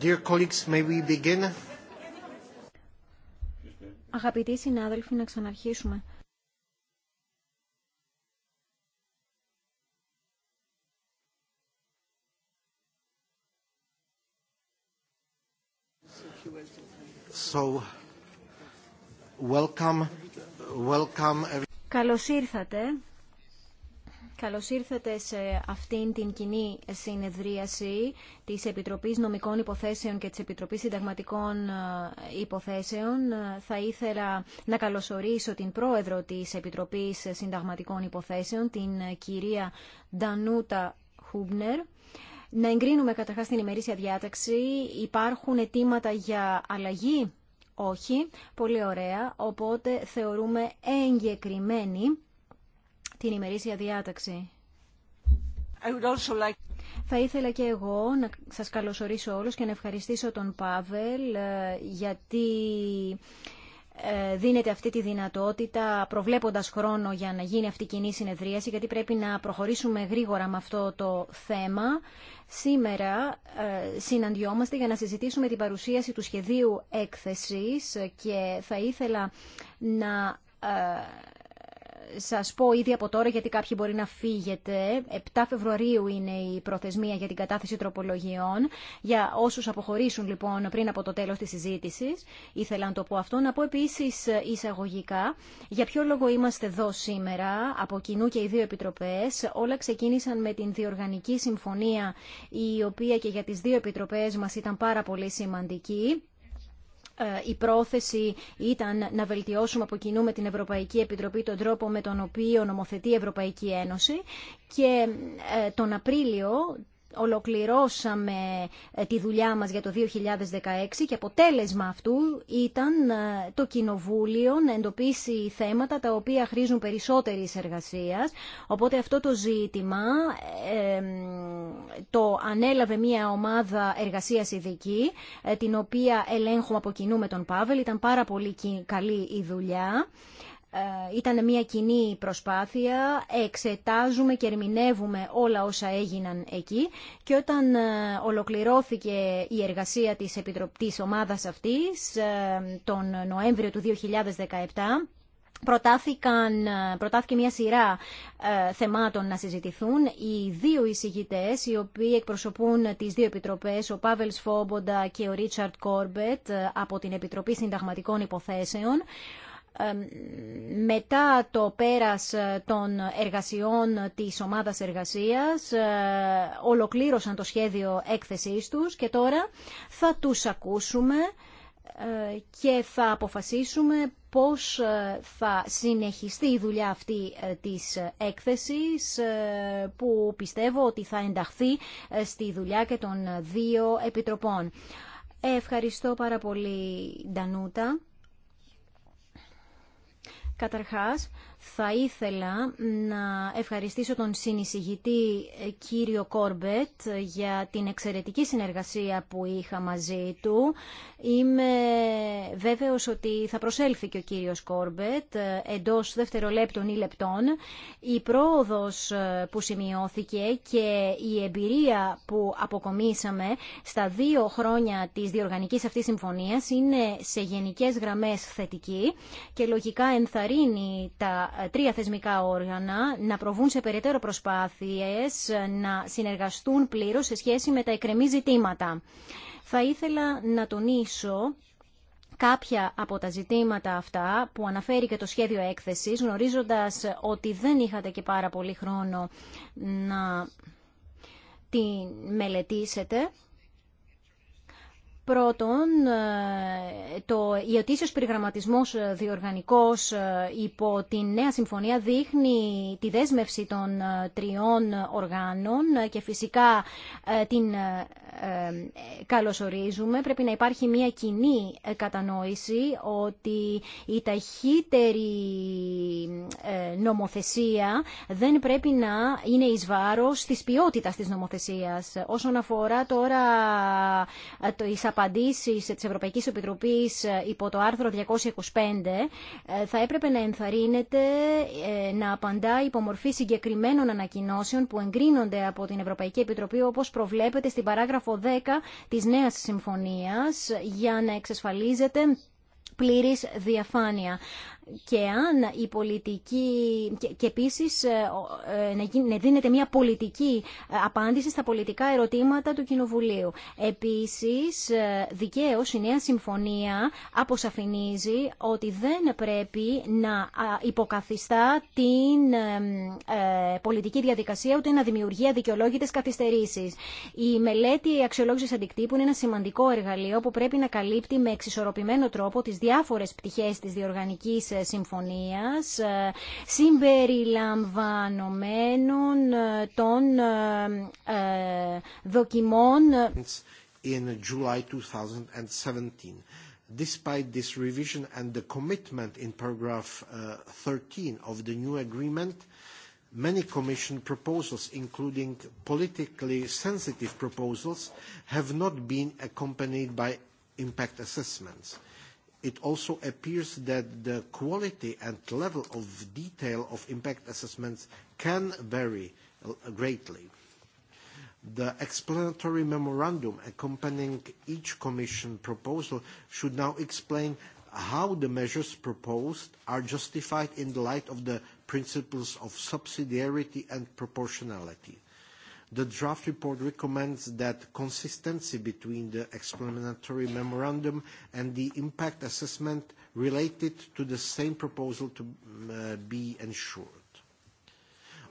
Dear colleagues, may we begin? Αγαπητοί συνάδελφοι, να ξαναρχίσουμε. So, welcome, welcome. Καλώς ήρθατε Καλώς ήρθατε σε αυτήν την κοινή συνεδρίαση της Επιτροπής Νομικών Υποθέσεων και της Επιτροπής Συνταγματικών ε, Υποθέσεων. Ε, θα ήθελα να καλωσορίσω την πρόεδρο της Επιτροπής Συνταγματικών Υποθέσεων, την ε, κυρία Ντανούτα Χούμπνερ. Να εγκρίνουμε καταρχάς την ημερήσια διάταξη. Υπάρχουν αιτήματα για αλλαγή. Όχι. Πολύ ωραία. Οπότε θεωρούμε εγκεκριμένη την ημερήσια διάταξη. Θα ήθελα και εγώ να σας καλωσορίσω όλους και να ευχαριστήσω τον Πάβελ ε, γιατί ε, δίνεται αυτή τη δυνατότητα προβλέποντας χρόνο για να γίνει αυτή η κοινή συνεδρίαση γιατί πρέπει να προχωρήσουμε γρήγορα με αυτό το θέμα. Σήμερα ε, συναντιόμαστε για να συζητήσουμε την παρουσίαση του σχεδίου έκθεσης και θα ήθελα να σας πω ήδη από τώρα γιατί κάποιοι μπορεί να φύγετε. 7 Φεβρουαρίου είναι η προθεσμία για την κατάθεση τροπολογιών. Για όσους αποχωρήσουν λοιπόν πριν από το τέλος της συζήτησης, ήθελα να το πω αυτό. Να πω επίσης ε, εισαγωγικά για ποιο λόγο είμαστε εδώ σήμερα από κοινού και οι δύο επιτροπές. Όλα ξεκίνησαν με την διοργανική συμφωνία η οποία και για τις δύο επιτροπές μας ήταν πάρα πολύ σημαντική ε, η πρόθεση ήταν να βελτιώσουμε από κοινού με την Ευρωπαϊκή Επιτροπή τον τρόπο με τον οποίο νομοθετεί η Ευρωπαϊκή Ένωση και ε, τον Απρίλιο ολοκληρώσαμε ε, τη δουλειά μας για το 2016 και αποτέλεσμα αυτού ήταν ε, το Κοινοβούλιο να εντοπίσει θέματα τα οποία χρήζουν περισσότερη εργασία. Οπότε αυτό το ζήτημα το ανέλαβε μια ομάδα εργασίας ειδική ε, την οποία ελέγχουμε από κοινού με τον Πάβελ. Ήταν πάρα πολύ καλή η δουλειά. Ε, ήταν μια κοινή προσπάθεια, εξετάζουμε και ερμηνεύουμε όλα όσα έγιναν εκεί και όταν ε, ολοκληρώθηκε η εργασία της, επιτροπής ομάδας αυτής ε, τον Νοέμβριο του 2017, Προτάθηκαν, προτάθηκε μια σειρά θεμάτων να συζητηθούν. Οι δύο εισηγητέ, οι οποίοι εκπροσωπούν τι δύο επιτροπέ, ο Πάβελ Σφόμποντα και ο Ρίτσαρτ Κόρμπετ από την Επιτροπή Συνταγματικών Υποθέσεων, μετά το πέρας ε, των εργασιών της ομάδας εργασίας ε, ολοκλήρωσαν το σχέδιο έκθεσής τους και τώρα θα τους ακούσουμε ε, και θα αποφασίσουμε πώς θα συνεχιστεί η δουλειά αυτή της έκθεσης που πιστεύω ότι θα ενταχθεί στη δουλειά και των δύο επιτροπών. Ευχαριστώ πάρα πολύ Ντανούτα. Καταρχάς, θα ήθελα να ευχαριστήσω τον συνεισηγητή ε, κύριο Κόρμπετ για την εξαιρετική συνεργασία που είχα μαζί του. Είμαι βέβαιος ότι θα προσέλθει και ο κύριος Κόρμπετ ε, εντός δευτερολέπτων ή λεπτών. Η πρόοδος ε, που σημειώθηκε και η εμπειρία που αποκομίσαμε στα δύο χρόνια της διοργανικής αυτής συμφωνίας είναι σε γενικές γραμμές θετική και λογικά ενθαρρύνει τα τρία θεσμικά όργανα να προβούν σε περαιτέρω προσπάθειες να συνεργαστούν πλήρως σε σχέση με τα εκρεμή ζητήματα. Θα ήθελα να τονίσω κάποια από τα ζητήματα αυτά που αναφέρει και το σχέδιο έκθεσης, γνωρίζοντας ότι δεν είχατε και πάρα πολύ χρόνο να τη μελετήσετε. Πρώτον, ε, το ιωτήσιος περιγραμματισμός ε, διοργανικός ε, υπό τη νέα συμφωνία δείχνει τη δέσμευση των τριών οργάνων και φυσικά την καλωσορίζουμε. Πρέπει να υπάρχει μια κοινή ε, κατανόηση ότι η ταχύτερη ε, νομοθεσία δεν πρέπει να είναι εις βάρος της ποιότητας της νομοθεσίας. Όσον αφορά τώρα ε, τις απαντήσεις της Ευρωπαϊκής Επιτροπής υπό το άρθρο 225, θα έπρεπε να ενθαρρύνεται να απαντά υπό μορφή συγκεκριμένων ανακοινώσεων που εγκρίνονται από την Ευρωπαϊκή Επιτροπή όπως προβλέπεται στην παράγραφο παράγραφο 10 της νέας συμφωνίας για να εξασφαλίζεται πλήρης διαφάνεια και αν η πολιτική και επίσης ε, ε, να δίνεται μια πολιτική ε, απάντηση στα πολιτικά ερωτήματα του Κοινοβουλίου. Επίσης, δικαίως η νέα συμφωνία αποσαφηνίζει ότι δεν πρέπει να υποκαθιστά την πολιτική διαδικασία ούτε να δημιουργεί αδικαιολόγητες καθυστερήσεις. Η μελέτη αξιολόγηση αντικτύπου είναι ένα σημαντικό εργαλείο που πρέπει να καλύπτει με εξισορροπημένο τρόπο τις διάφορες πτυχές της διοργανική συμφωνίας συμπεριλαμβανομένων των δοκιμών in July 2017. Despite this revision and the commitment in paragraph 13 of the new agreement, many Commission proposals, including politically sensitive proposals, have not been accompanied by impact assessments. It also appears that the quality and level of detail of impact assessments can vary greatly. The explanatory memorandum accompanying each Commission proposal should now explain how the measures proposed are justified in the light of the principles of subsidiarity and proportionality. The draft report recommends that consistency between the explanatory memorandum and the impact assessment related to the same proposal to be ensured.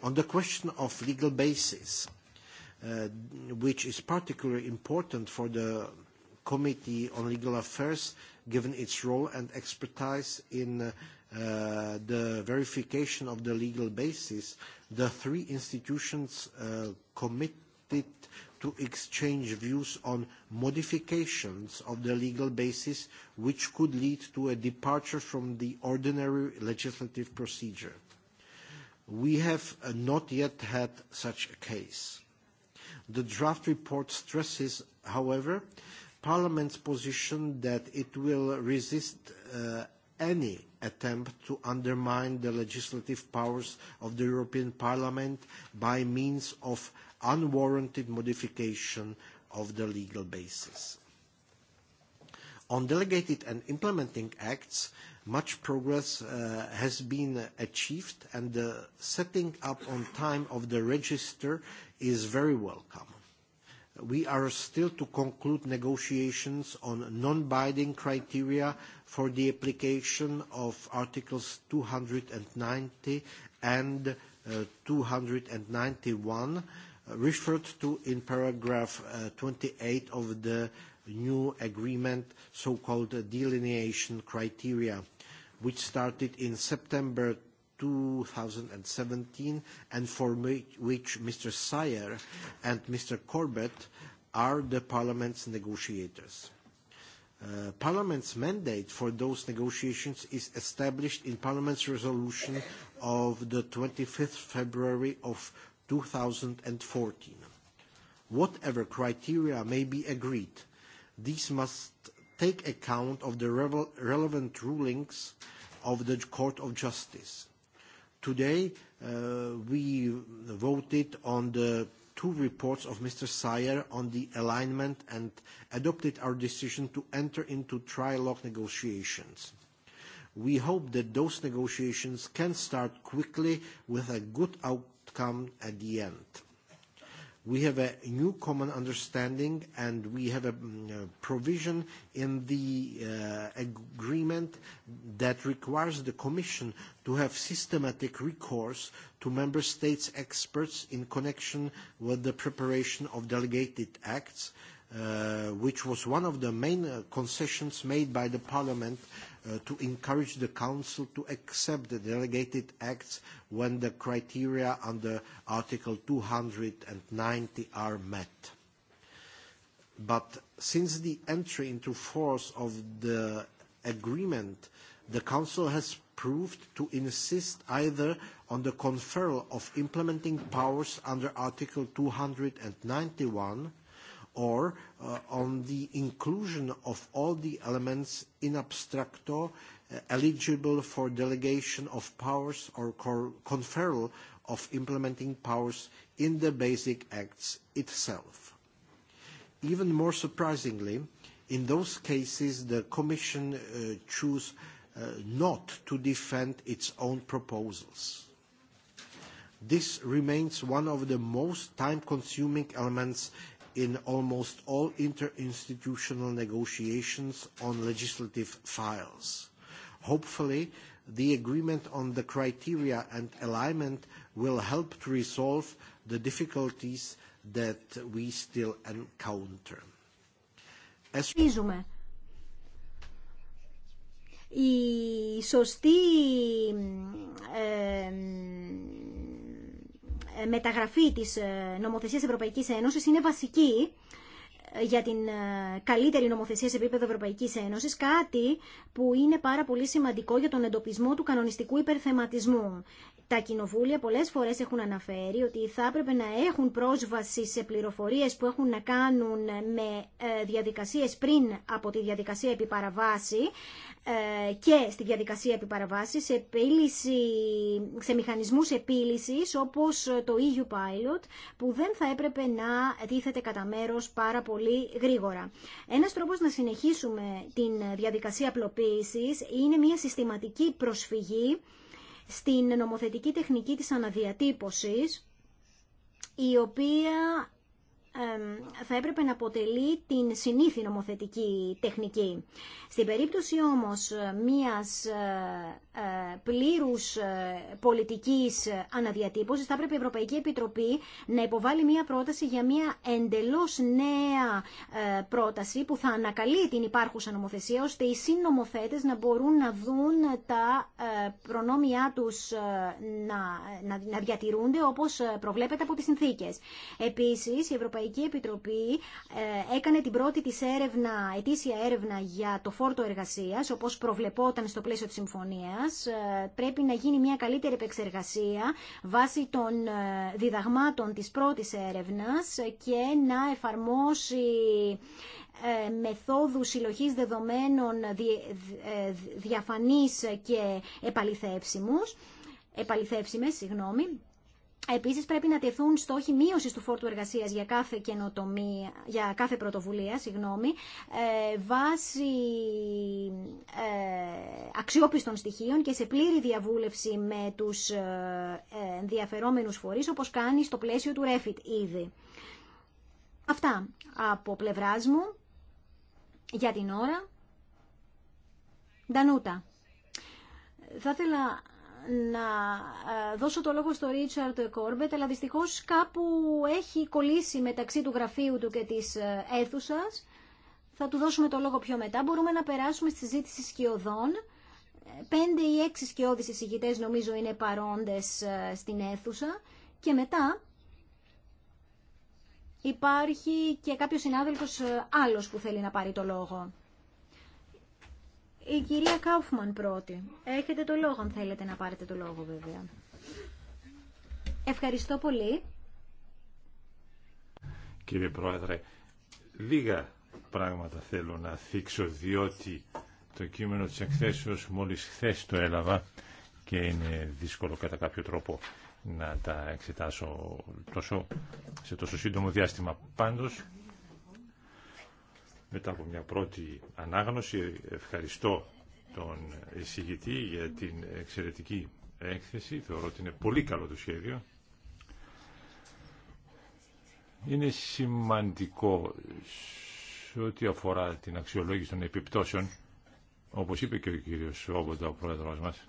On the question of legal basis, which is particularly important for the Committee on Legal Affairs, given its role and expertise in the verification of the legal basis, the three institutions committed to exchange views on modifications of the legal basis which could lead to a departure from the ordinary legislative procedure. We have not yet had such a case. The draft report stresses, however, Parliament's position that it will resist any attempt to undermine the legislative powers of the European Parliament by means of unwarranted modification of the legal basis. On delegated and implementing acts, much progress has been achieved and the setting up on time of the register is very welcome. We are still to conclude negotiations on non-binding criteria for the application of Articles 290 and 291 referred to in paragraph 28 of the new agreement, so-called delineation criteria, which started in September 2017 and for which Mr. Sayer and Mr. Corbett are the Parliament's negotiators. Parliament's mandate for those negotiations is established in Parliament's resolution of the 25th February of 2014. Whatever criteria may be agreed, these must take account of the relevant rulings of the Court of Justice. Today, we voted on the two reports of Mr. Sayer on the alignment and adopted our decision to enter into trilogue negotiations. We hope that those negotiations can start quickly with a good outcome at the end. We have a new common understanding and we have a provision in the agreement that requires the Commission to have systematic recourse to Member States experts in connection with the preparation of delegated acts, which was one of the main concessions made by Parliament to encourage the Council to accept the delegated acts when the criteria under Article 290 are met. But since the entry into force of the agreement, the Council has proved to insist either on the conferral of implementing powers under Article 291 or on the inclusion of all the elements in abstracto eligible for delegation of powers or conferral of implementing powers in the Basic Acts itself. Even more surprisingly, in those cases the Commission chooses not to defend its own proposals. This remains one of the most time-consuming elements in almost all interinstitutional negotiations on legislative files. Hopefully, the agreement on the criteria and alignment will help to resolve the difficulties that we still encounter. As η σωστή ε, μεταγραφή της ε, νομοθεσίας Ευρωπαϊκής Ένωσης είναι βασική ε, για την καλύτερη νομοθεσία σε επίπεδο Ευρωπαϊκής Ένωσης, κάτι που είναι πάρα πολύ σημαντικό για τον εντοπισμό του κανονιστικού υπερθεματισμού. Τα κοινοβούλια πολλές φορές έχουν αναφέρει ότι θα έπρεπε να έχουν πρόσβαση σε πληροφορίες που έχουν να κάνουν με διαδικασίες πριν από τη διαδικασία επιπαραβάση, ε, και στη διαδικασία επιπαραβάσης σε, επίλυση, σε μηχανισμούς επίλυσης όπως το EU Pilot που δεν θα έπρεπε να τίθεται κατά μέρο πάρα πολύ γρήγορα. Ένας τρόπος να συνεχίσουμε την διαδικασία απλοποίησης είναι μια συστηματική προσφυγή στην νομοθετική τεχνική της αναδιατύπωσης η οποία θα έπρεπε να αποτελεί την συνήθη νομοθετική τεχνική. Στην περίπτωση όμως μιας ε, ε, πλήρους ε, πολιτικής αναδιατύπωσης θα έπρεπε η Ευρωπαϊκή Επιτροπή να υποβάλει μια πρόταση για μια εντελώς νέα πρόταση που θα ανακαλεί την υπάρχουσα νομοθεσία ώστε οι συνομοθέτες να μπορούν να δουν τα προνόμια τους να, να, να διατηρούνται όπως προβλέπεται από τις συνθήκες. Επίσης η Ευρωπαϊκή Ευρωπαϊκή Επιτροπή ε, έκανε την πρώτη της έρευνα, ετήσια έρευνα για το φόρτο εργασίας, όπως προβλεπόταν στο πλαίσιο της συμφωνίας. Ε, πρέπει να γίνει μια καλύτερη επεξεργασία βάσει των ε, διδαγμάτων της πρώτης έρευνας και να εφαρμόσει μεθόδου συλλογή δεδομένων διαφανής και επαληθεύσιμους, επαληθεύσιμες, συγγνώμη, Επίσης πρέπει να τεθούν στόχοι μείωσης του φόρτου εργασίας για κάθε, καινοτομία, για κάθε πρωτοβουλία συγγνώμη, ε, βάσει ε, αξιόπιστων στοιχείων και σε πλήρη διαβούλευση με τους ε, ε ενδιαφερόμενους φορείς όπως κάνει στο πλαίσιο του Refit ήδη. Αυτά από πλευράς μου για την ώρα. Ντανούτα. Θα ήθελα να ε, δώσω το λόγο στο Ρίτσαρτ Κόρμπετ, αλλά δυστυχώς κάπου έχει κολλήσει μεταξύ του γραφείου του και της ε, αίθουσα. Θα του δώσουμε το λόγο πιο μετά. Μπορούμε να περάσουμε στη συζήτηση σκιωδών. Πέντε ή έξι σκιώδη εισηγητέ νομίζω είναι παρόντες ε, στην αίθουσα. Και μετά υπάρχει και κάποιος συνάδελφο άλλος που θέλει να πάρει το λόγο. Η κυρία Κάουφμαν πρώτη. Έχετε το λόγο, αν θέλετε να πάρετε το λόγο βέβαια. Ευχαριστώ πολύ. Κύριε Πρόεδρε, λίγα πράγματα θέλω να θίξω, διότι το κείμενο της εκθέσεως μόλις χθε το έλαβα και είναι δύσκολο κατά κάποιο τρόπο να τα εξετάσω τόσο, σε τόσο σύντομο διάστημα. Πάντως, μετά από μια πρώτη ανάγνωση. Ευχαριστώ τον εισηγητή για την εξαιρετική έκθεση. Θεωρώ ότι είναι πολύ καλό το σχέδιο. Είναι σημαντικό σε ό,τι αφορά την αξιολόγηση των επιπτώσεων, όπως είπε και ο κύριος Όμποντα ο πρόεδρος μας,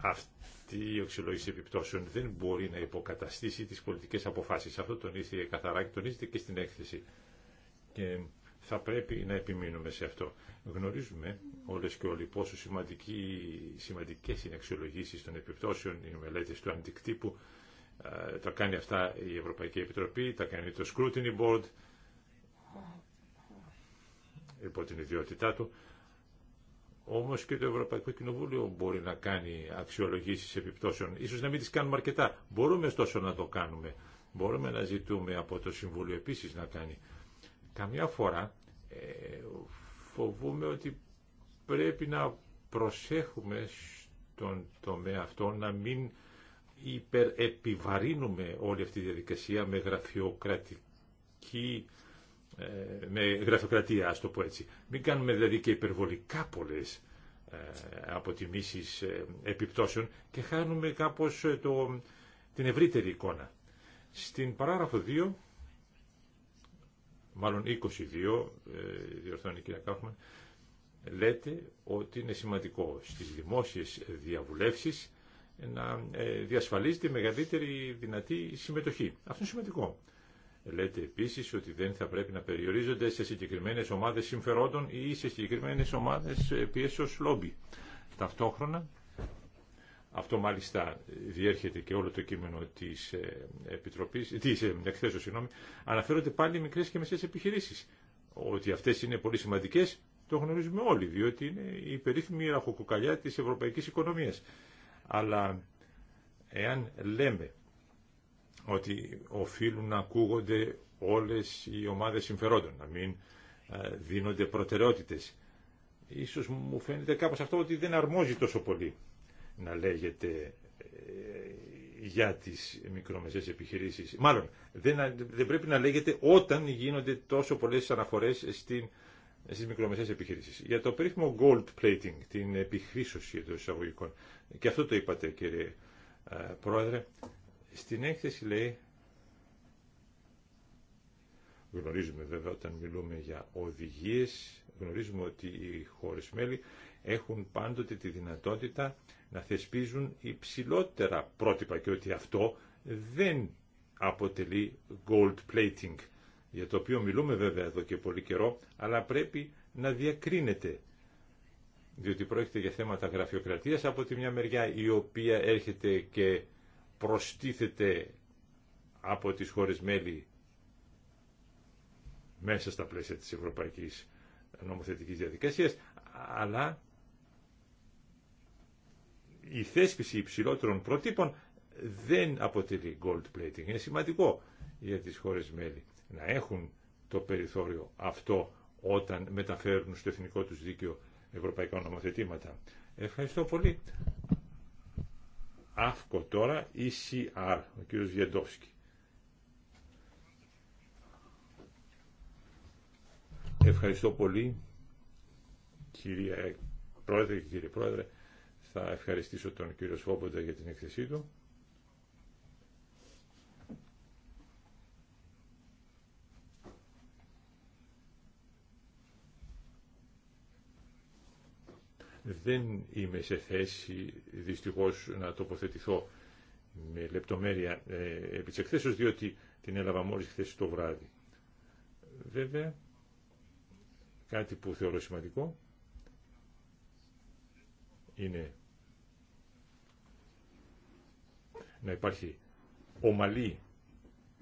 αυτή η αξιολόγηση επιπτώσεων δεν μπορεί να υποκαταστήσει τις πολιτικές αποφάσεις. Αυτό τονίστηκε καθαρά και τονίζεται και στην έκθεση. Και θα πρέπει να επιμείνουμε σε αυτό. Γνωρίζουμε όλες και όλοι πόσο σημαντικές είναι αξιολογήσεις των επιπτώσεων, οι μελέτες του αντικτύπου, τα κάνει αυτά η Ευρωπαϊκή Επιτροπή, τα κάνει το Scrutiny Board υπό την ιδιότητά του. Όμως και το Ευρωπαϊκό Κοινοβούλιο μπορεί να κάνει αξιολογήσεις επιπτώσεων. Ίσως να μην τις κάνουμε αρκετά. Μπορούμε ωστόσο να το κάνουμε. Μπορούμε να ζητούμε από το Συμβούλιο επίσης να κάνει. Καμιά φορά ε, φοβούμε ότι πρέπει να προσέχουμε στον τομέα αυτό να μην υπερεπιβαρύνουμε όλη αυτή τη διαδικασία με γραφειοκρατική ε, με γραφειοκρατία, α το πω έτσι. Μην κάνουμε δηλαδή και υπερβολικά πολλές ε, αποτιμήσεις ε, επιπτώσεων και χάνουμε κάπως το, την ευρύτερη εικόνα. Στην παράγραφο 2, μάλλον 22, διορθώνει η κυρία Κάφμαν, λέτε ότι είναι σημαντικό στις δημόσιες διαβουλεύσεις να διασφαλίζεται μεγαλύτερη δυνατή συμμετοχή. Αυτό είναι σημαντικό. Λέτε επίση ότι δεν θα πρέπει να περιορίζονται σε συγκεκριμένε ομάδε και ε, ε, μεσαίες επιχειρήσεις. Ότι αυτές είναι πολύ σημαντικές, το γνωρίζουμε όλοι, διότι είναι η σε συγκεκριμένε ομαδες πιεσεως λομπι ταυτοχρονα αυτο ραχοκοκαλιά τη επιτροπης τη εκθεσεω συγγνωμη αναφερονται παλι μικρέ και μεσαιες επιχειρήσει. οτι αυτέ ειναι πολυ σημαντικέ, το γνωριζουμε ολοι διοτι ειναι η περιφημη ραχοκοκαλια τη ευρωπαϊκή οικονομία. αλλα εαν λεμε ότι οφείλουν να ακούγονται όλες οι ομάδες συμφερόντων, να μην ε, δίνονται προτεραιότητες. Ίσως μου φαίνεται κάπως αυτό ότι δεν αρμόζει τόσο πολύ να λέγεται ε, για τις μικρομεσαίες επιχειρήσεις. Μάλλον, δεν, δεν πρέπει να λέγεται όταν γίνονται τόσο πολλές αναφορές στην, στις μικρομεσαίες επιχειρήσεις. Για το περίφημο gold plating, την επιχρήσωση των εισαγωγικών. Και αυτό το είπατε κύριε ε, Πρόεδρε. Στην έκθεση λέει, γνωρίζουμε βέβαια όταν μιλούμε για οδηγίες, γνωρίζουμε ότι οι χώρες μέλη έχουν πάντοτε τη δυνατότητα να θεσπίζουν υψηλότερα πρότυπα και ότι αυτό δεν αποτελεί gold plating, για το οποίο μιλούμε βέβαια εδώ και πολύ καιρό, αλλά πρέπει να διακρίνεται διότι πρόκειται για θέματα γραφειοκρατίας από τη μια μεριά η οποία έρχεται και προστίθεται από τις χώρες μέλη μέσα στα πλαίσια της ευρωπαϊκής νομοθετικής διαδικασίας, αλλά η θέσπιση υψηλότερων προτύπων δεν αποτελεί gold plating. Είναι σημαντικό για τις χώρες μέλη να έχουν το περιθώριο αυτό όταν μεταφέρουν στο εθνικό τους δίκαιο ευρωπαϊκά νομοθετήματα. Ευχαριστώ πολύ. ΑΦΚΟ τώρα, ECR, ο κύριος Βιεντόφσκι. Ευχαριστώ πολύ, κύριε Πρόεδρε και κύριε Πρόεδρε. Θα ευχαριστήσω τον κύριο Σφόμποντα για την έκθεσή του. δεν είμαι σε θέση δυστυχώς να τοποθετηθώ με λεπτομέρεια ε, επί της εκθέσεως, διότι την έλαβα μόλις χθες το βράδυ. Βέβαια, κάτι που θεωρώ σημαντικό είναι να υπάρχει ομαλή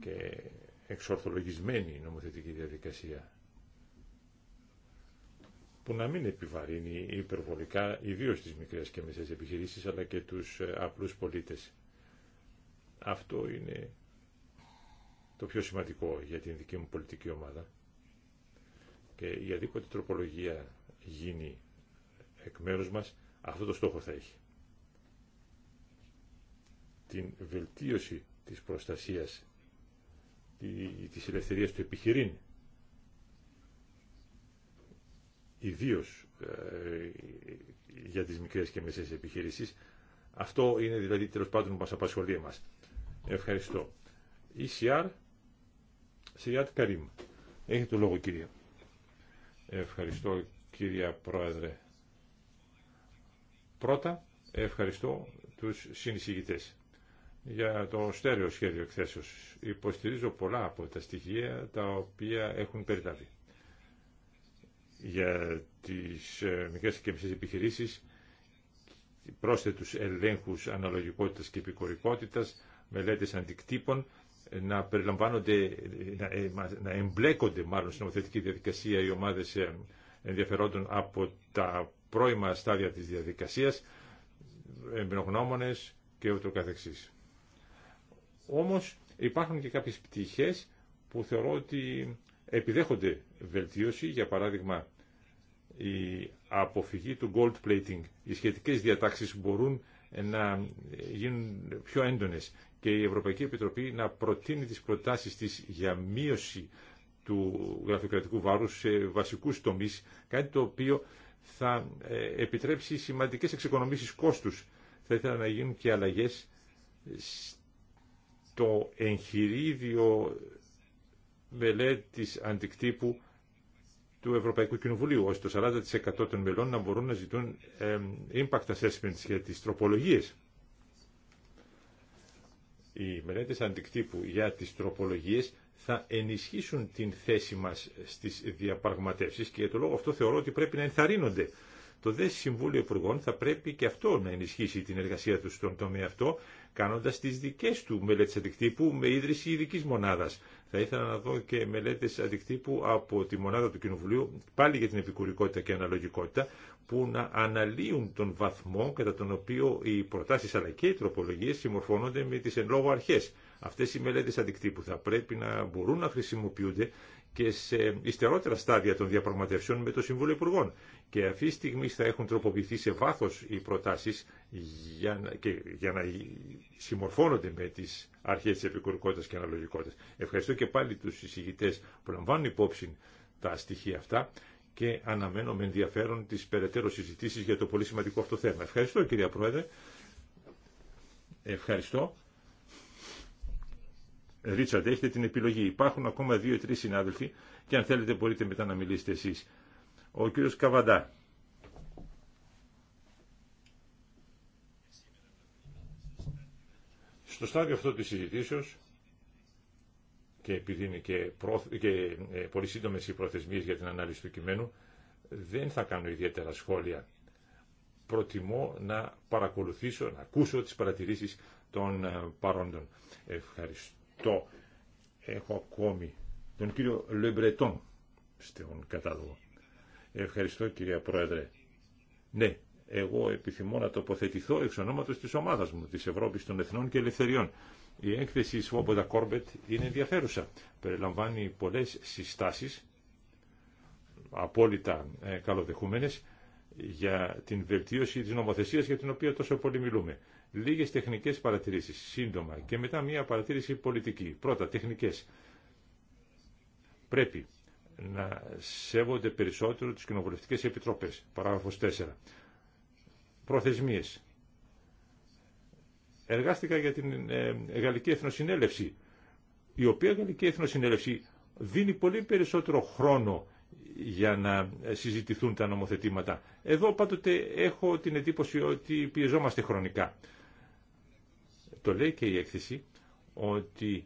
και εξορθολογισμένη νομοθετική διαδικασία που να μην επιβαρύνει υπερβολικά ιδίως τις μικρές και μεσές επιχειρήσεις αλλά και τους ε, απλούς πολίτες. Αυτό είναι το πιο σημαντικό για την δική μου πολιτική ομάδα και η αδίποτε τροπολογία γίνει εκ μέρους μας αυτό το στόχο θα έχει. Την βελτίωση της προστασίας της ελευθερίας του επιχειρήν ιδίως ε, για τις μικρές και μεσαίες επιχειρήσεις. Αυτό είναι δηλαδή τέλο πάντων που μα. απασχολεί μας. Ευχαριστώ. ECR, Σιριάτ Καρίμ. Έχετε το λόγο κύριε. Ευχαριστώ κύριε Πρόεδρε. Πρώτα ευχαριστώ τους συνεισηγητές για το στέρεο σχέδιο εκθέσεως. Υποστηρίζω πολλά από τα στοιχεία τα οποία έχουν περιλάβει για τις ε, μικρές και μισές επιχειρήσεις, πρόσθετους ελέγχους αναλογικότητας και επικορικότητας, μελέτες αντικτύπων, να περιλαμβάνονται, ε, να εμπλέκονται μάλλον στην νομοθετική διαδικασία οι ομάδες ε, ενδιαφερόντων από τα πρώιμα στάδια της διαδικασίας, εμπειρογνώμονες και ούτω καθεξής. Όμως υπάρχουν και κάποιες πτυχές που θεωρώ ότι επιδέχονται βελτίωση, για παράδειγμα η αποφυγή του gold plating. Οι σχετικές διατάξεις μπορούν να γίνουν πιο έντονες και η Ευρωπαϊκή Επιτροπή να προτείνει τις προτάσεις της για μείωση του γραφειοκρατικού βάρους σε βασικούς τομείς, κάτι το οποίο θα ε, επιτρέψει σημαντικές εξοικονομήσεις κόστους. Θα ήθελα να γίνουν και αλλαγές στο εγχειρίδιο μελέτης αντικτύπου του Ευρωπαϊκού Κοινοβουλίου, ώστε το 40% των μελών να μπορούν να ζητούν impact assessments για τις τροπολογίες. Οι μελέτες αντικτύπου για τις τροπολογίες θα ενισχύσουν την θέση μας στις διαπραγματεύσεις και για το λόγο αυτό θεωρώ ότι πρέπει να ενθαρρύνονται. Το ΔΕΣ Συμβούλιο Υπουργών θα πρέπει και αυτό να ενισχύσει την εργασία του στον τομέα αυτό Κάνοντα τι δικές του μελέτες αντικτύπου με ίδρυση ειδική μονάδα. Θα ήθελα να δω και μελέτες αντικτύπου από τη μονάδα του Κοινοβουλίου, πάλι για την επικουρικότητα και αναλογικότητα, που να αναλύουν τον βαθμό κατά τον οποίο οι προτάσει, αλλά και οι τροπολογίες συμμορφώνονται με τις εν λόγω αρχές. Αυτές οι μελέτε αντικτύπου θα πρέπει να μπορούν να χρησιμοποιούνται και σε ιστερότερα στάδια των διαπραγματεύσεων με το Συμβούλιο Υπουργών. Και αυτή τη στιγμή θα έχουν τροποποιηθεί σε βάθο οι προτάσει για να, να συμμορφώνονται με τι αρχέ τη επικουρικότητα και αναλογικότητα. Ευχαριστώ και πάλι του συζητητέ που λαμβάνουν υπόψη τα στοιχεία αυτά και αναμένω με ενδιαφέρον τι περαιτέρω συζητήσει για το πολύ σημαντικό αυτό θέμα. Ευχαριστώ κυρία Πρόεδρε. Ευχαριστώ. Ρίτσαρντ, έχετε την επιλογή. Υπάρχουν ακόμα δύο ή τρει συνάδελφοι και αν θέλετε μπορείτε μετά να μιλήσετε εσεί. Ο κύριο Καβαντά. Στο στάδιο αυτό της συζητήσεως και επειδή είναι και, και ε, πολύ σύντομε οι προθεσμίες για την ανάλυση του κειμένου, δεν θα κάνω ιδιαίτερα σχόλια. Προτιμώ να παρακολουθήσω, να ακούσω τις παρατηρήσεις των ε, παρόντων. Ευχαριστώ το έχω ακόμη τον κύριο Λεμπρετόν στον κατάλογο. Ευχαριστώ κύριε Πρόεδρε. Ναι, εγώ επιθυμώ να τοποθετηθώ εξ ονόματος της ομάδας μου, της Ευρώπης των Εθνών και Ελευθεριών. Η έκθεση τα Κόρμπετ είναι ενδιαφέρουσα. Περιλαμβάνει πολλές συστάσεις, απόλυτα ε, καλοδεχούμενες, για την βελτίωση της νομοθεσίας για την οποία τόσο πολύ μιλούμε. Λίγες τεχνικές παρατηρήσεις, σύντομα, και μετά μια παρατήρηση πολιτική. Πρώτα, τεχνικές. Πρέπει να σέβονται περισσότερο τις κοινοβουλευτικέ επιτροπές. Παράγραφος 4. Προθεσμίες. Εργάστηκα για την ε, Γαλλική Εθνοσυνέλευση, η οποία Γαλλική Εθνοσυνέλευση δίνει πολύ περισσότερο χρόνο για να συζητηθούν τα νομοθετήματα. Εδώ πάντοτε έχω την εντύπωση ότι πιεζόμαστε χρονικά. Το λέει και η έκθεση ότι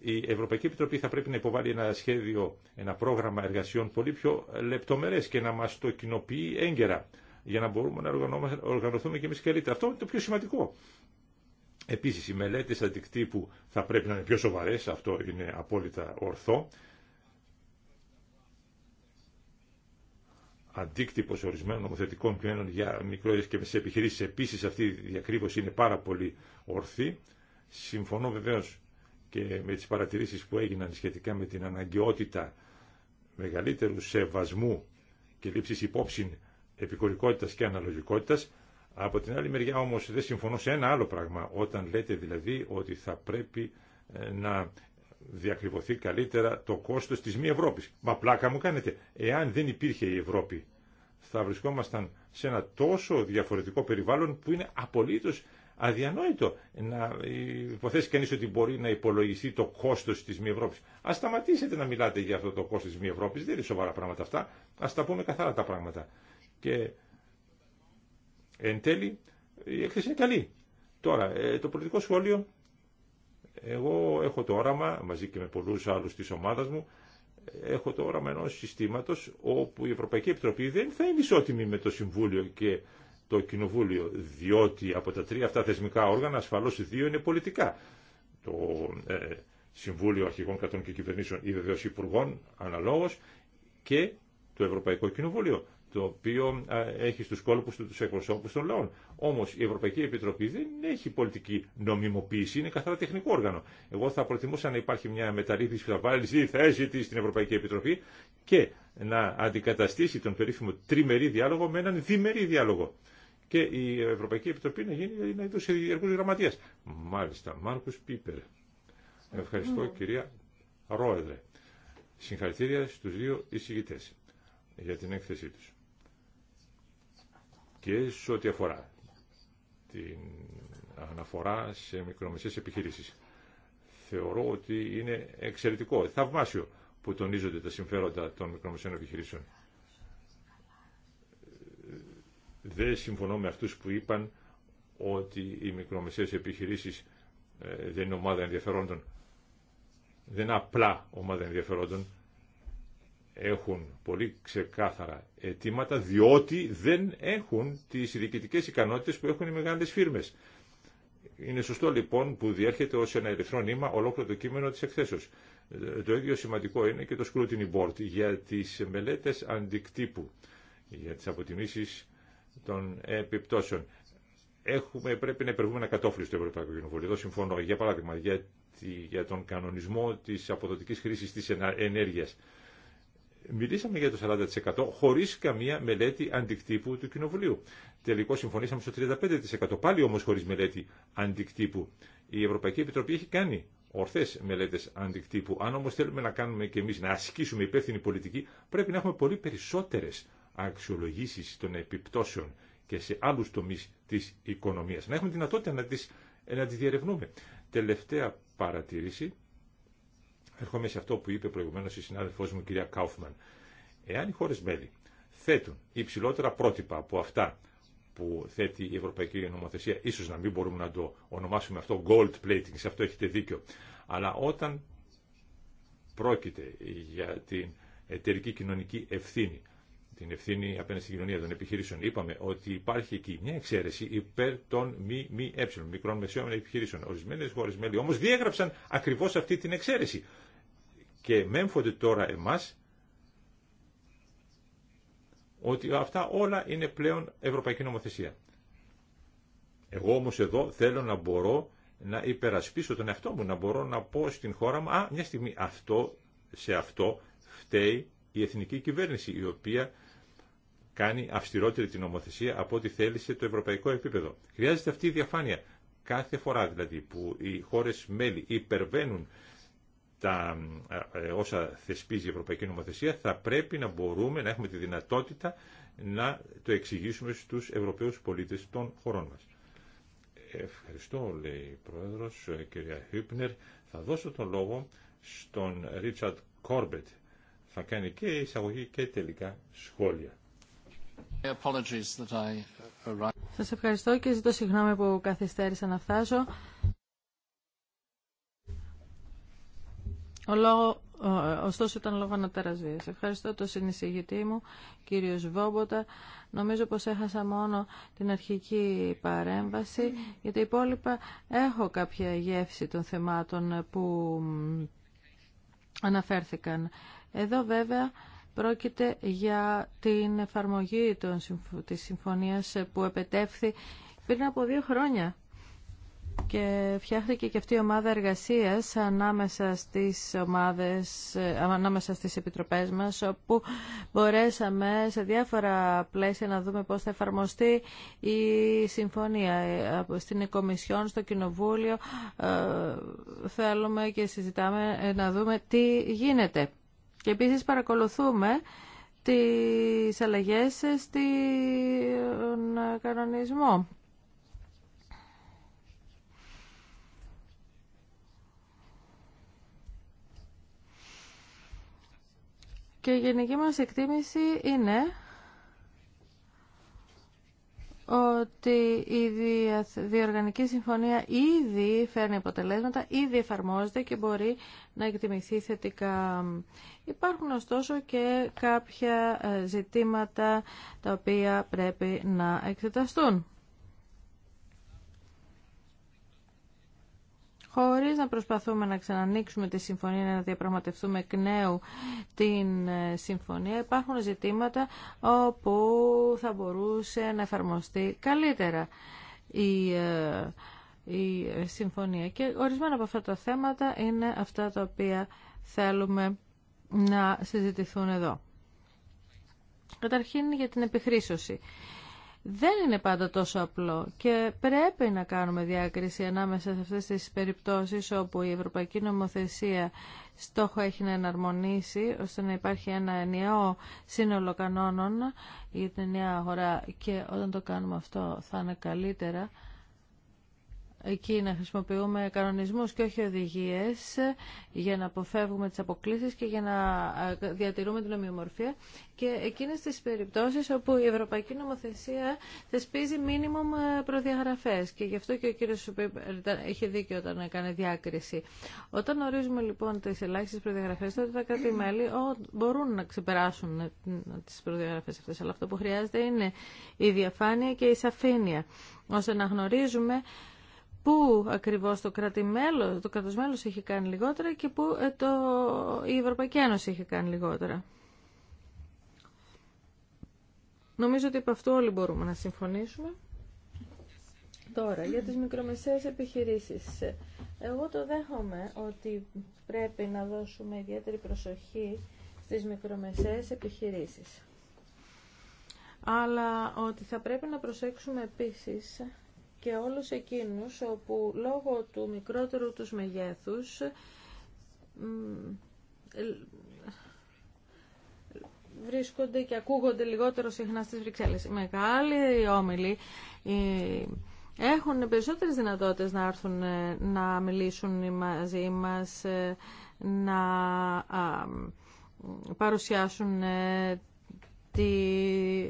η Ευρωπαϊκή Επιτροπή θα πρέπει να υποβάλει ένα σχέδιο, ένα πρόγραμμα εργασιών πολύ πιο λεπτομερές και να μας το κοινοποιεί έγκαιρα για να μπορούμε να οργανωθούμε και εμείς καλύτερα. Αυτό είναι το πιο σημαντικό. Επίσης οι μελέτες αντικτύπου θα πρέπει να είναι πιο σοβαρές, αυτό είναι απόλυτα ορθό αντίκτυπο ορισμένων νομοθετικών πλέον για μικρότερε και μεσαίε επιχειρήσει. Επίση, αυτή η διακρύβωση είναι πάρα πολύ ορθή. Συμφωνώ βεβαίω και με τι παρατηρήσει που έγιναν σχετικά με την αναγκαιότητα μεγαλύτερου σεβασμού και λήψη υπόψη επικορικότητα και αναλογικότητα. Από την άλλη μεριά όμω δεν συμφωνώ σε ένα άλλο πράγμα, όταν λέτε δηλαδή ότι θα πρέπει ε, να διακριβωθεί καλύτερα το κόστος της μη Ευρώπης. Μα πλάκα μου κάνετε, εάν δεν υπήρχε η Ευρώπη θα βρισκόμασταν σε ένα τόσο διαφορετικό περιβάλλον που είναι απολύτως αδιανόητο να υποθέσει κανείς ότι μπορεί να υπολογιστεί το κόστος της μη Ευρώπης. Ας σταματήσετε να μιλάτε για αυτό το κόστος της μη Ευρώπης, δεν είναι σοβαρά πράγματα αυτά, ας τα πούμε καθαρά τα πράγματα. Και εν τέλει η έκθεση είναι καλή. Τώρα, ε, το πολιτικό σχόλιο εγώ έχω το όραμα, μαζί και με πολλούς άλλους της ομάδας μου, έχω το όραμα ενός συστήματος όπου η Ευρωπαϊκή Επιτροπή δεν θα είναι ισότιμη με το Συμβούλιο και το Κοινοβούλιο, διότι από τα τρία αυτά θεσμικά όργανα ασφαλώς δύο είναι πολιτικά. Το ε, Συμβούλιο Αρχηγών Κρατών και Κυβερνήσεων ή βεβαίως Υπουργών αναλόγως και το Ευρωπαϊκό Κοινοβούλιο το οποίο έχει στους κόλπους του τους εκπροσώπους των λαών. Όμως η Ευρωπαϊκή Επιτροπή δεν έχει πολιτική νομιμοποίηση, είναι καθαρά τεχνικό όργανο. Εγώ θα προτιμούσα να υπάρχει μια μεταρρύθμιση που θα βάλει στη στην Ευρωπαϊκή Επιτροπή και να αντικαταστήσει τον περίφημο τριμερή διάλογο με έναν διμερή διάλογο. Και η Ευρωπαϊκή Επιτροπή να γίνει ένα είδο διεργού γραμματεία. Μάλιστα, Μάρκο Πίπερ. Ευχαριστώ, κυρία Ρόεδρε. Συγχαρητήρια στους δύο εισηγητές για την έκθεσή τους και σε ό,τι αφορά την αναφορά σε μικρομεσαίες επιχειρήσεις. Θεωρώ ότι είναι εξαιρετικό, θαυμάσιο που τονίζονται τα συμφέροντα των μικρομεσαίων επιχειρήσεων. Δεν συμφωνώ με αυτούς που είπαν ότι οι μικρομεσαίες επιχειρήσεις ε, δεν είναι ομάδα ενδιαφερόντων. Δεν είναι απλά ομάδα ενδιαφερόντων έχουν πολύ ξεκάθαρα αιτήματα διότι δεν έχουν τις διοικητικές ικανότητες που έχουν οι μεγάλες φύρμες. Είναι σωστό λοιπόν που διέρχεται ως ένα ερυθρό νήμα ολόκληρο το κείμενο της εκθέσεως. Το ίδιο σημαντικό είναι και το scrutiny board για τις μελέτες αντικτύπου, για τις αποτιμήσεις των επιπτώσεων. Έχουμε, πρέπει να υπερβούμε ένα κατόφλι στο Ευρωπαϊκό Κοινοβούλιο. Εδώ συμφωνώ. Για παράδειγμα, για, για τον κανονισμό της αποδοτικής χρήσης της ενέργειας μιλήσαμε για το 40% χωρί καμία μελέτη αντικτύπου του Κοινοβουλίου. Τελικό συμφωνήσαμε στο 35%, πάλι όμως χωρίς μελέτη αντικτύπου. Η Ευρωπαϊκή Επιτροπή έχει κάνει ορθέ μελέτε αντικτύπου. Αν όμω θέλουμε να κάνουμε και εμεί να ασκήσουμε υπεύθυνη πολιτική, πρέπει να έχουμε πολύ περισσότερε αξιολογήσει των επιπτώσεων και σε άλλου τομεί τη οικονομία. Να έχουμε δυνατότητα να τι ε, διερευνούμε. Τελευταία παρατήρηση Έρχομαι σε αυτό που είπε προηγουμένω η συνάδελφό μου κυρία Κάουφμαν. Εάν οι χώρε μέλη θέτουν υψηλότερα πρότυπα από αυτά που θέτει η Ευρωπαϊκή Νομοθεσία, ίσω να μην μπορούμε να το ονομάσουμε αυτό gold plating, σε αυτό έχετε δίκιο. Αλλά όταν πρόκειται για την εταιρική κοινωνική ευθύνη, την ευθύνη απέναντι στην κοινωνία των επιχειρήσεων. Είπαμε ότι υπάρχει εκεί μια εξαίρεση υπέρ των μη, μη ε, μικρών μεσαίων επιχειρήσεων. Ορισμένε χώρε μέλη όμω διέγραψαν ακριβώ αυτή την εξαίρεση και μέμφονται τώρα εμάς ότι αυτά όλα είναι πλέον ευρωπαϊκή νομοθεσία. Εγώ όμως εδώ θέλω να μπορώ να υπερασπίσω τον εαυτό μου, να μπορώ να πω στην χώρα μου, α, μια στιγμή, αυτό σε αυτό φταίει η εθνική κυβέρνηση, η οποία κάνει αυστηρότερη την νομοθεσία από ό,τι θέλει σε το ευρωπαϊκό επίπεδο. Χρειάζεται αυτή η διαφάνεια. Κάθε φορά δηλαδή που οι χώρες μέλη υπερβαίνουν τα ε, ε, όσα θεσπίζει η Ευρωπαϊκή Νομοθεσία, θα πρέπει να μπορούμε να έχουμε τη δυνατότητα να το εξηγήσουμε στους Ευρωπαίους πολίτες των χωρών μας. Ευχαριστώ, λέει η Πρόεδρος, ε, κυρία Χίπνερ. Θα δώσω τον λόγο στον Ρίτσαρτ Κόρμπετ. Θα κάνει και εισαγωγή και τελικά σχόλια. Σας ευχαριστώ και ζητώ συγγνώμη που καθυστέρησα να φτάσω. Ο λόγο, ωστόσο ήταν λόγω ανατέρας βίας. Ευχαριστώ τον συνεισηγητή μου, κύριο Βόμποτα. Νομίζω πως έχασα μόνο την αρχική παρέμβαση, γιατί υπόλοιπα έχω κάποια γεύση των θεμάτων που αναφέρθηκαν. Εδώ βέβαια πρόκειται για την εφαρμογή των, της συμφωνίας που επετεύθη πριν από δύο χρόνια και φτιάχτηκε και αυτή η ομάδα εργασίας ανάμεσα στις ομάδες, ανάμεσα στις επιτροπές μας, όπου μπορέσαμε σε διάφορα πλαίσια να δούμε πώς θα εφαρμοστεί η συμφωνία στην Κομισιόν, στο Κοινοβούλιο. Ε, θέλουμε και συζητάμε να δούμε τι γίνεται. Και επίσης παρακολουθούμε τις αλλαγές στον κανονισμό Και η γενική μας εκτίμηση είναι ότι η διοργανική συμφωνία ήδη φέρνει αποτελέσματα, ήδη εφαρμόζεται και μπορεί να εκτιμηθεί θετικά. Υπάρχουν ωστόσο και κάποια ε, ζητήματα τα οποία πρέπει να εξεταστούν. χωρίς να προσπαθούμε να ξανανοίξουμε τη συμφωνία, να διαπραγματευτούμε εκ νέου την ε, συμφωνία. Υπάρχουν ζητήματα όπου θα μπορούσε να εφαρμοστεί καλύτερα η, ε, η ε, συμφωνία. Και ορισμένα από αυτά τα θέματα είναι αυτά τα οποία θέλουμε να συζητηθούν εδώ. Καταρχήν για την επιχρήσωση δεν είναι πάντα τόσο απλό και πρέπει να κάνουμε διάκριση ανάμεσα σε αυτές τις περιπτώσεις όπου η Ευρωπαϊκή Νομοθεσία στόχο έχει να εναρμονίσει ώστε να υπάρχει ένα ενιαίο σύνολο κανόνων για την ενιαία αγορά και όταν το κάνουμε αυτό θα είναι καλύτερα εκεί να χρησιμοποιούμε κανονισμούς και όχι οδηγίες για να αποφεύγουμε τις αποκλήσεις και για να ε, διατηρούμε την ομοιομορφία και εκείνες τις περιπτώσεις όπου η Ευρωπαϊκή Νομοθεσία θεσπίζει μίνιμουμ ε, προδιαγραφές και γι' αυτό και ο κύριος έχει δίκιο όταν έκανε διάκριση. Όταν ορίζουμε λοιπόν τις ελάχιστες προδιαγραφές τότε τα κράτη μέλη μπορούν να ξεπεράσουν ε, τις προδιαγραφές αυτές αλλά αυτό που χρειάζεται είναι η διαφάνεια και η σαφήνεια ώστε να γνωρίζουμε πού ακριβώς το κρατημέλο, το είχε κάνει λιγότερα και πού ε, το, η Ευρωπαϊκή Ένωση είχε κάνει λιγότερα. Νομίζω ότι από αυτό όλοι μπορούμε να συμφωνήσουμε. Τώρα, για τις μικρομεσαίες επιχειρήσεις. Εγώ το δέχομαι ότι πρέπει να δώσουμε ιδιαίτερη προσοχή στις μικρομεσαίες επιχειρήσεις. Αλλά ότι θα πρέπει να προσέξουμε επίσης και όλους εκείνους όπου λόγω του μικρότερου τους μεγέθους ε, βρίσκονται και ακούγονται λιγότερο συχνά στις Βρυξέλλες. Οι μεγάλοι όμιλοι έχουν περισσότερες δυνατότητες να έρθουν ε, να μιλήσουν μαζί μας, ε, να παρουσιάσουν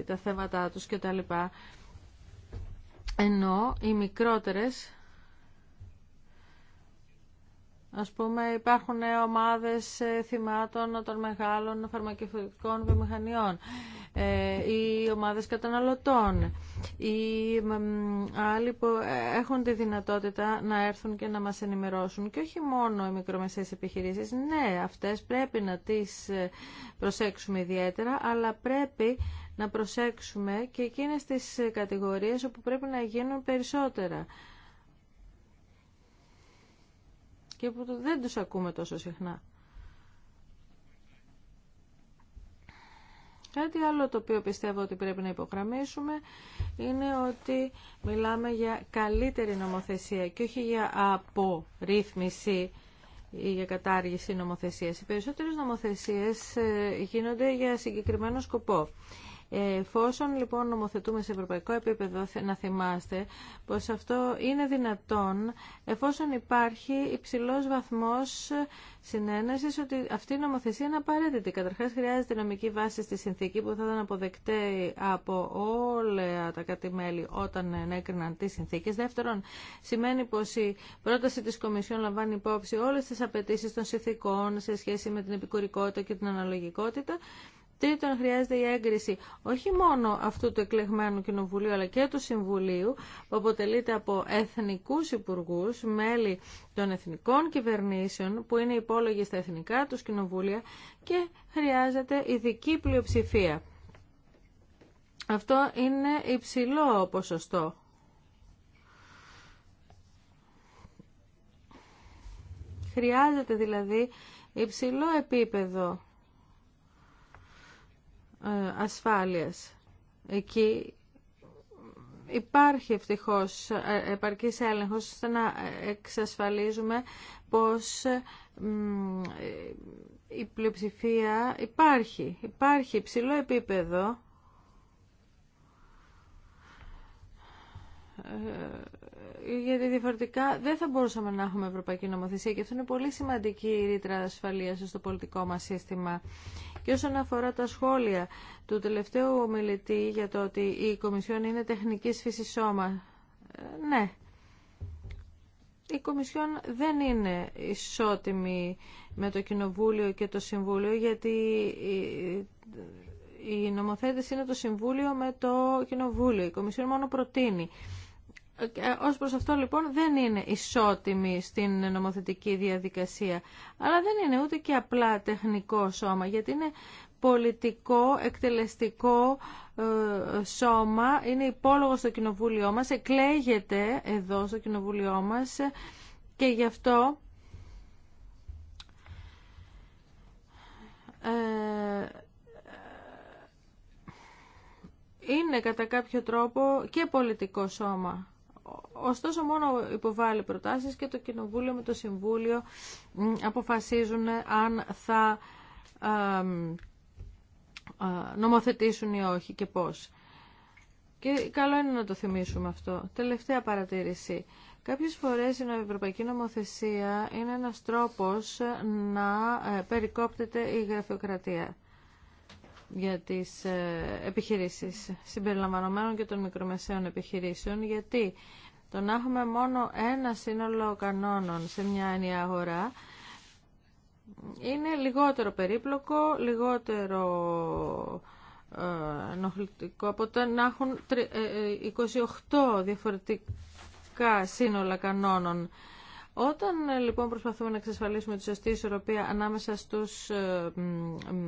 τα θέματα τους κτλ ενώ οι μικρότερες Ας πούμε υπάρχουν ομάδες ε, θυμάτων των μεγάλων φαρμακευτικών βιομηχανιών, οι ε, ομάδες καταναλωτών, οι άλλοι που ε, έχουν τη δυνατότητα να έρθουν και να μας ενημερώσουν και όχι μόνο οι μικρομεσαίες επιχειρήσεις. Ναι, αυτές πρέπει να τις προσέξουμε ιδιαίτερα, αλλά πρέπει να προσέξουμε και εκείνες τις κατηγορίες όπου πρέπει να γίνουν περισσότερα και που δεν τους ακούμε τόσο συχνά. Κάτι άλλο το οποίο πιστεύω ότι πρέπει να υπογραμμίσουμε είναι ότι μιλάμε για καλύτερη νομοθεσία και όχι για απορρίθμιση ή για κατάργηση νομοθεσίας. Οι περισσότερες νομοθεσίες ε, γίνονται για συγκεκριμένο σκοπό. Εφόσον λοιπόν νομοθετούμε σε ευρωπαϊκό επίπεδο, να θυμάστε πως αυτό είναι δυνατόν εφόσον υπάρχει υψηλός βαθμός συνένεσης ότι αυτή η νομοθεσία είναι απαραίτητη. Καταρχάς χρειάζεται νομική βάση στη συνθήκη που θα ήταν αποδεκτέ από όλα τα κατημέλη όταν ενέκριναν τις συνθήκες. Δεύτερον, σημαίνει πως η πρόταση της Κομισιόν λαμβάνει υπόψη όλες τις απαιτήσει των συνθήκων σε σχέση με την επικουρικότητα και την αναλογικότητα Τρίτον, χρειάζεται η έγκριση όχι μόνο αυτού του εκλεγμένου κοινοβουλίου, αλλά και του Συμβουλίου, που αποτελείται από εθνικούς υπουργούς, μέλη των εθνικών κυβερνήσεων, που είναι υπόλογοι στα εθνικά τους κοινοβούλια και χρειάζεται ειδική πλειοψηφία. Αυτό είναι υψηλό ποσοστό. Χρειάζεται δηλαδή υψηλό επίπεδο ε, ασφάλειας. Εκεί υπάρχει ευτυχώς ε, επαρκής έλεγχος ώστε να εξασφαλίζουμε πως η πλειοψηφία υπάρχει. Υπάρχει υψηλό επίπεδο ε, γιατί διαφορετικά δεν θα μπορούσαμε να έχουμε ευρωπαϊκή νομοθεσία και αυτό είναι πολύ σημαντική η ρήτρα ασφαλείας στο πολιτικό μας σύστημα. Και όσον αφορά τα σχόλια του τελευταίου ομιλητή για το ότι η Κομισιόν είναι τεχνικής φύσης σώμα, ε, ναι, η Κομισιόν δεν είναι ισότιμη με το Κοινοβούλιο και το Συμβούλιο γιατί οι νομοθέτηση είναι το Συμβούλιο με το Κοινοβούλιο. Η Κομισιόν μόνο προτείνει. Ε, Ω προ αυτό λοιπόν δεν είναι ισότιμη στην νομοθετική διαδικασία, αλλά δεν είναι ούτε και απλά τεχνικό σώμα, γιατί είναι πολιτικό, εκτελεστικό ε, σώμα, είναι υπόλογο στο κοινοβούλιο μας, εκλέγεται εδώ στο κοινοβούλιο μας και γι' αυτό ε, είναι κατά κάποιο τρόπο και πολιτικό σώμα. Ωστόσο μόνο υποβάλλει προτάσεις και το Κοινοβούλιο με το Συμβούλιο αποφασίζουν αν θα ε, νομοθετήσουν ή όχι και πώς. Και καλό είναι να το θυμίσουμε αυτό. Τελευταία παρατήρηση. Κάποιες φορές η ευρωπαϊκή νομοθεσία είναι ένας τρόπος να ε, περικόπτεται η γραφειοκρατία για τις ε, επιχειρήσεις, συμπεριλαμβανομένων και των μικρομεσαίων επιχειρήσεων, γιατί το να έχουμε μόνο ένα σύνολο κανόνων σε μια ενιαία αγορά είναι λιγότερο περίπλοκο, λιγότερο ε, ενοχλητικό από το να έχουν 28 ε, ε, διαφορετικά σύνολα κανόνων. Όταν λοιπόν προσπαθούμε να εξασφαλίσουμε τη σωστή ισορροπία ανάμεσα στους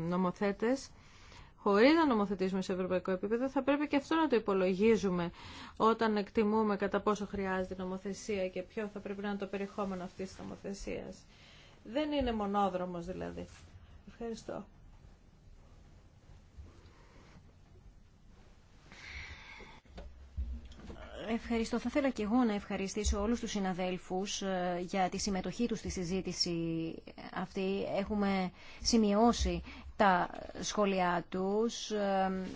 νομοθέτες, χωρί να νομοθετήσουμε σε ευρωπαϊκό επίπεδο, θα πρέπει και αυτό να το υπολογίζουμε όταν εκτιμούμε κατά πόσο χρειάζεται νομοθεσία και ποιο θα πρέπει να είναι το περιεχόμενο αυτής της νομοθεσία. Δεν είναι μονόδρομος δηλαδή. Ευχαριστώ. Ευχαριστώ. Θα ήθελα και εγώ να ευχαριστήσω όλους τους συναδέλφους ε, για τη συμμετοχή τους στη συζήτηση αυτή. Έχουμε σημειώσει τα σχόλιά τους. Ε,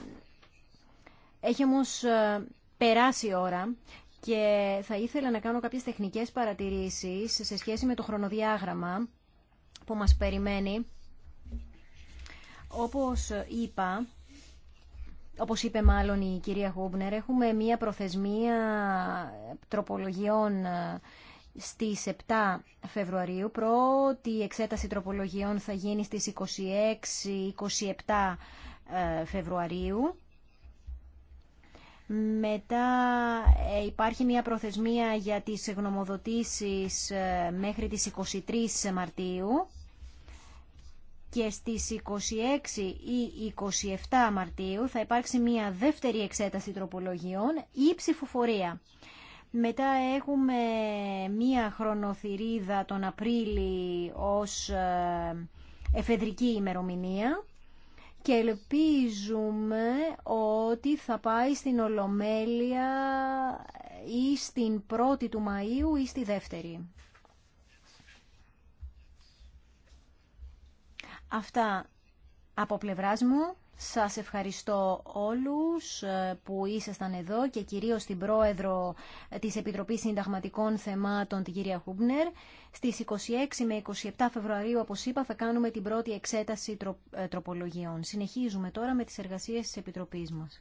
έχει όμως ε, περάσει η ώρα και θα ήθελα να κάνω κάποιες τεχνικές παρατηρήσεις σε σχέση με το χρονοδιάγραμμα που μας περιμένει. Όπως είπα, όπως είπε μάλλον η κυρία Χούμπνερ, έχουμε μία προθεσμία τροπολογιών ε, στις 7 Φεβρουαρίου. Πρώτη εξέταση τροπολογιών θα γίνει στις 26-27 ε, Φεβρουαρίου. Μετά ε, υπάρχει μια προθεσμία για τις γνωμοδοτήσεις μέχρι τις 23 Μαρτίου και στις 26 ή 27 Μαρτίου θα υπάρξει μια δεύτερη εξέταση τροπολογιών ή ψηφοφορία. Μετά έχουμε μία χρονοθυρίδα τον Απρίλη ως ε, εφεδρική ημερομηνία και ελπίζουμε ότι θα πάει στην Ολομέλεια ή στην 1η του Μαΐου ή στη δεύτερη. Αυτά από πλευράς μου. Σας ευχαριστώ όλους ε, που ήσασταν εδώ και κυρίως την πρόεδρο ε, της Επιτροπής Συνταγματικών Θεμάτων, την κυρία Χούμπνερ. Στις 26 με 27 Φεβρουαρίου, όπως είπα, θα κάνουμε την πρώτη εξέταση ε, τροπολογιών. Συνεχίζουμε τώρα με τις εργασίες της Επιτροπής μας.